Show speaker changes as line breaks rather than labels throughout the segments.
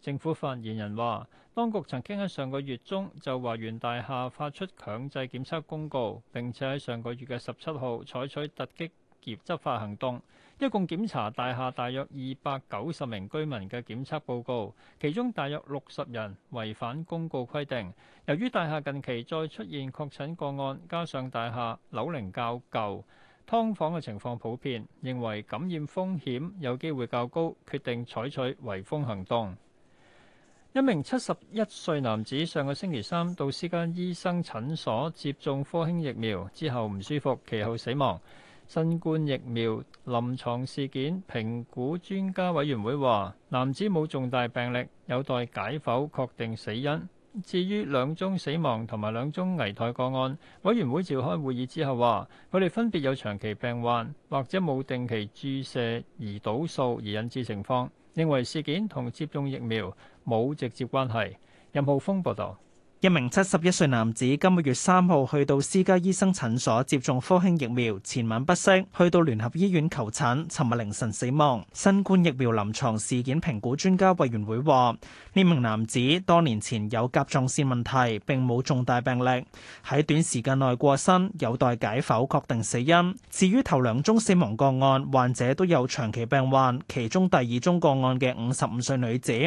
政府發言人話，當局曾經喺上個月中就華源大廈發出強制檢測公告，並且喺上個月嘅十七號採取突擊劫執法行動，一共檢查大廈大約二百九十名居民嘅檢測報告，其中大約六十人違反公告規定。由於大廈近期再出現確診個案，加上大廈樓齡較舊，劏房嘅情況普遍，認為感染風險有機會較高，決定採取圍封行動。一名七十一歲男子上個星期三到私家醫生診所接種科興疫苗之後唔舒服，其後死亡。新冠疫苗臨床事件評估專家委員會話：男子冇重大病歷，有待解剖確定死因。至於兩宗死亡同埋兩宗危殆個案，委員會召開會議之後話，佢哋分別有長期病患或者冇定期注射胰島素而引致情況。認為事件同接種疫苗冇直接關係。任浩峰報道。
一名七十一歲男子今個月三號去到私家醫生診所接種科興疫苗，前晚不適去到聯合醫院求診，尋日凌晨死亡。新冠疫苗臨床事件評估專家委員會話，呢名男子多年前有甲狀腺問題，並冇重大病歷，喺短時間內過身，有待解剖確定死因。至於頭兩宗死亡個案，患者都有長期病患，其中第二宗個案嘅五十五歲女子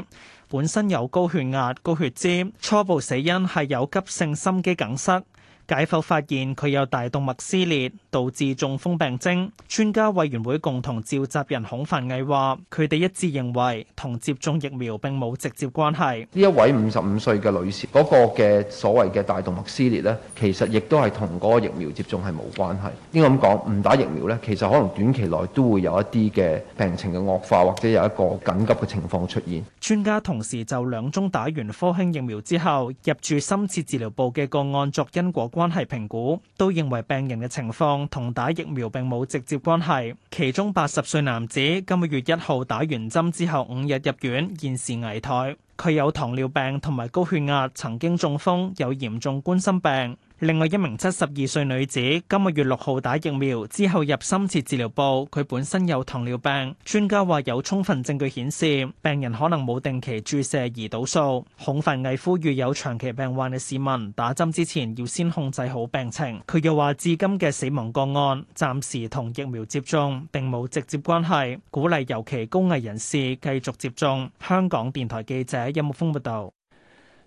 本身有高血壓、高血脂，初步死因。係有急性心肌梗塞。解剖發現佢有大動脈撕裂，導致中風病徵。專家委員會共同召集人孔凡毅話：佢哋一致認為同接種疫苗並冇直接關係。呢一位五十五歲嘅女士嗰個嘅所謂嘅大動脈撕裂呢，其實亦都係同嗰個疫苗接種係冇關係。應該咁講，唔打疫苗呢，其實可能短期內都會有一啲嘅病情嘅惡化，或者有一個緊急嘅情況出現。專家同時就兩宗打完科興疫苗之後入住深切治療部嘅個案作因果關關係評估，都認為病人嘅情況同打疫苗並冇直接關係。其中八十歲男子今個月一號打完針之後五日入院，現時危殆。佢有糖尿病同埋高血壓，曾經中風，有嚴重冠心病。另外一名七十二歲女子，今個月六號打疫苗之後入深切治療部，佢本身有糖尿病。專家話有充分證據顯示，病人可能冇定期注射胰島素。孔繁毅呼籲有長期病患嘅市民打針之前要先控制好病情。佢又話，至今嘅死亡個案暫時同疫苗接種並冇直接關係，鼓勵尤其高危人士繼續接種。
香港電台記者尹木峯報道，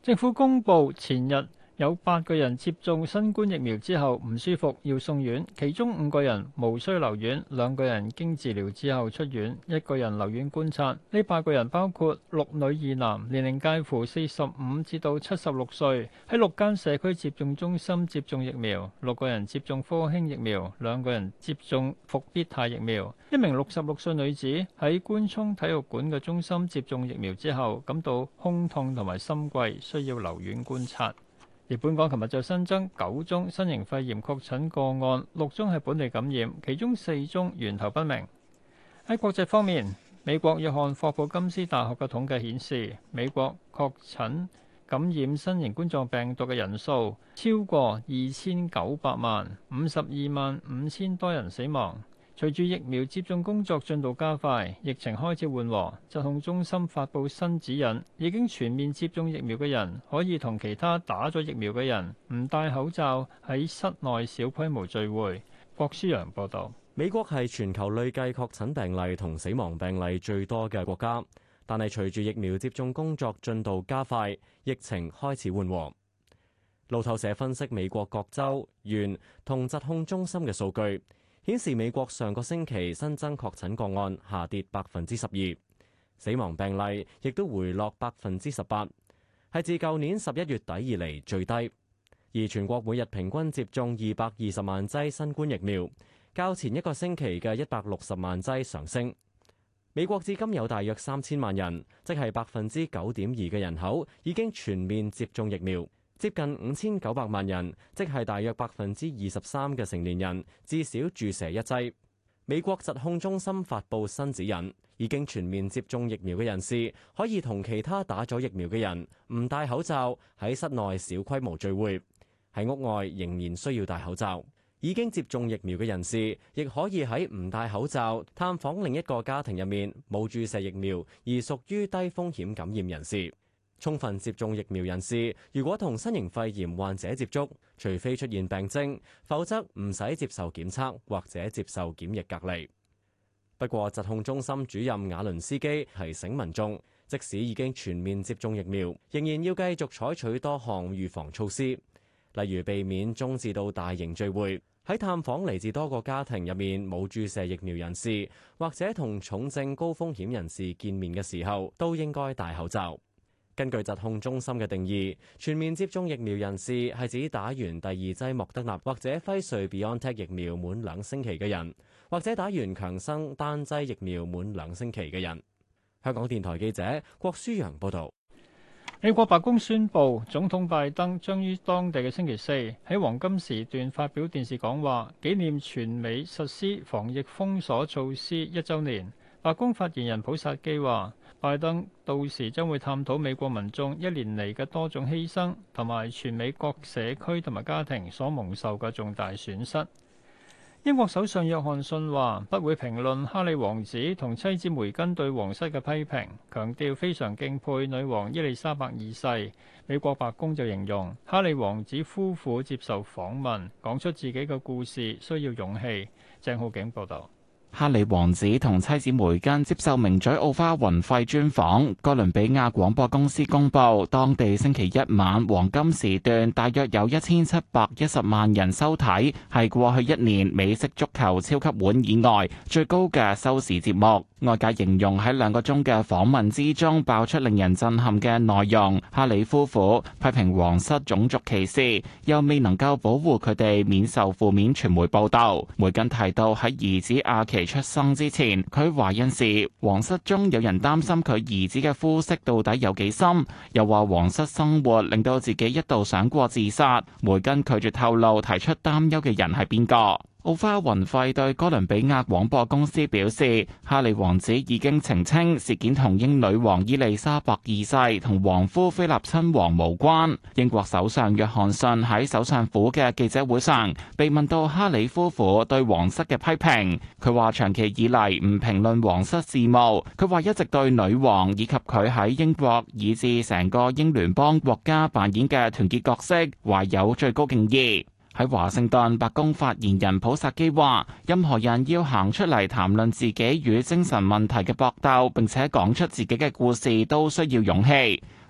政府公布前日。有八個人接種新冠疫苗之後唔舒服，要送院。其中五個人無需留院，兩個人經治療之後出院，一個人留院觀察。呢八個人包括六女二男，年齡介乎四十五至到七十六歲，喺六間社區接種中心接種疫苗。六個人接種科興疫苗，兩個人接種復必泰疫苗。一名六十六歲女子喺官涌體育館嘅中心接種疫苗之後，感到胸痛同埋心悸，需要留院觀察。而本港琴日就新增九宗新型肺炎確診個案，六宗係本地感染，其中四宗源頭不明。喺國際方面，美國約翰霍普金斯大學嘅統計顯示，美國確診感染新型冠狀病毒嘅人數超過二千九百萬，五十二萬五千多人死亡。隨住疫苗接種工作進度加快，疫情開始緩和，疾控中心發布新指引，已經全面接種疫苗嘅人可以同其他打咗疫苗嘅人唔戴口罩喺室內小規模聚會。郭思洋報導，
美國係全球累計確診病例同死亡病例最多嘅國家，但係隨住疫苗接種工作進度加快，疫情開始緩和。路透社分析美國各州、縣同疾控中心嘅數據。顯示美國上個星期新增確診個案下跌百分之十二，死亡病例亦都回落百分之十八，係自舊年十一月底以嚟最低。而全國每日平均接種二百二十萬劑新冠疫苗，較前一個星期嘅一百六十萬劑上升。美國至今有大約三千萬人，即係百分之九點二嘅人口已經全面接種疫苗。接近五千九百萬人，即係大約百分之二十三嘅成年人至少注射一劑。美國疾控中心發布新指引，已經全面接種疫苗嘅人士可以同其他打咗疫苗嘅人唔戴口罩喺室內小規模聚會，喺屋外仍然需要戴口罩。已經接種疫苗嘅人士亦可以喺唔戴口罩探訪另一個家庭入面冇注射疫苗而屬於低風險感染人士。充分接種疫苗人士，如果同新型肺炎患者接觸，除非出現病徵，否則唔使接受檢測或者接受檢疫隔離。不過疾控中心主任瓦倫斯基提醒民眾，即使已經全面接種疫苗，仍然要繼續採取多項預防措施，例如避免中至到大型聚會，喺探訪嚟自多個家庭入面冇注射疫苗人士，或者同重症高風險人士見面嘅時候，都應該戴口罩。根據疾控中心嘅定義，全面接種疫苗人士係指打完第二劑莫德納或者輝瑞 BioNTech 疫苗滿兩星期嘅人，或者打完強生單劑疫苗滿兩星期嘅人。香港電台記者郭舒揚報導。美國白宮宣布，總統拜登將於當地嘅
星期四喺黃金時段發表電視講話，紀念全美實施防疫封鎖措施一週年。白宮發言人普薩基話：拜登到時將會探討美國民眾一年嚟嘅多種犧牲，同埋全美國社區同埋家庭所蒙受嘅重大損失。英國首相約翰遜話：不會評論哈利王子同妻子梅根對皇室嘅批評，強調非常敬佩女王伊麗莎白二世。美國白宮就形容哈利王子夫婦接受訪問，講出自己嘅故事需要勇氣。鄭浩景報道。
哈里王子同妻子梅根接受名嘴奧花雲費專訪。哥倫比亞廣播公司公布，當地星期一晚黃金時段大約有一千七百一十萬人收睇，係過去一年美式足球超級碗以外最高嘅收視節目。外界形容喺兩個鐘嘅訪問之中爆出令人震撼嘅內容。哈里夫婦批評皇室種族歧視，又未能夠保護佢哋免受負面傳媒報道。梅根提到喺兒子阿奇。出生之前，佢懷孕時，皇室中有人擔心佢兒子嘅膚色到底有幾深，又話皇室生活令到自己一度想過自殺。梅根拒絕透露提出擔憂嘅人係邊個。奧花雲費對哥倫比亞廣播公司表示，哈利王子已經澄清事件同英女王伊麗莎白二世同皇夫菲立親王無關。英國首相約翰遜喺首相府嘅記者會上被問到哈里夫婦對皇室嘅批評，佢話長期以嚟唔評論皇室事務。佢話一直對女王以及佢喺英國以至成個英聯邦國家扮演嘅團結角色懷有最高敬意。喺華盛頓，白宮發言人普薩基話：任何人要行出嚟談論自己與精神問題嘅搏鬥，並且講出自己嘅故事，都需要勇氣。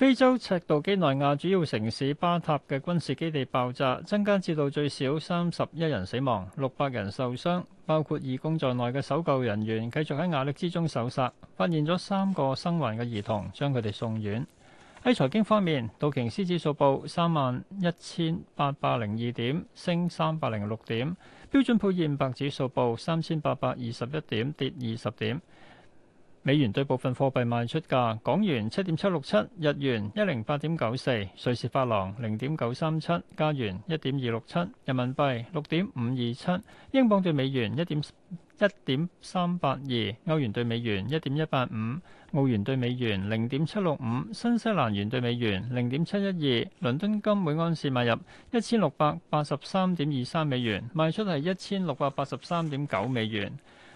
非洲赤道幾內亞主要城市巴塔嘅軍事基地爆炸，增加至到最少三十一人死亡，六百人受傷，包括義工在內嘅搜救人員繼續喺瓦礫之中搜索，發現咗三個生還嘅兒童，將佢哋送院。喺財經方面，道瓊斯指數報三萬一千八百零二點，升三百零六點；標準普爾五百指數報三千八百二十一點，跌二十點。美元對部分貨幣賣出價：港元七點七六七，日元一零八點九四，瑞士法郎零點九三七，加元一點二六七，人民幣六點五二七，英鎊對美元一點一點三八二，歐元對美元一點一八五，澳元對美元零點七六五，新西蘭元對美元零點七一二。倫敦金每安士賣入一千六百八十三點二三美元，賣出係一千六百八十三點九美元。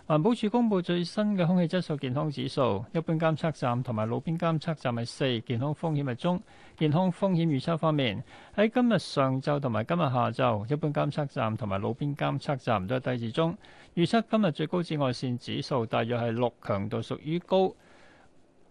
環保署公布最新嘅空氣質素健康指數，一般監測站同埋路邊監測站係四，健康風險係中。健康風險預測方面，喺今日上晝同埋今日下晝，一般監測站同埋路邊監測站都係低至中。預測今日最高紫外線指數大約係六，強度屬於高。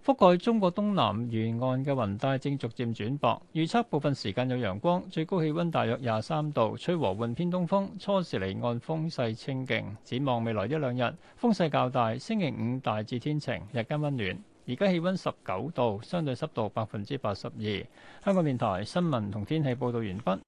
覆蓋中國東南沿岸嘅雲帶正逐漸轉薄，預測部分時間有陽光，最高氣溫大約廿三度，吹和緩偏東風，初時離岸風勢清勁。展望未來一兩日，風勢較大。星期五大致天晴，日間溫暖。而家氣溫十九度，相對濕度百分之八十二。香港電台新聞同天氣報道完畢。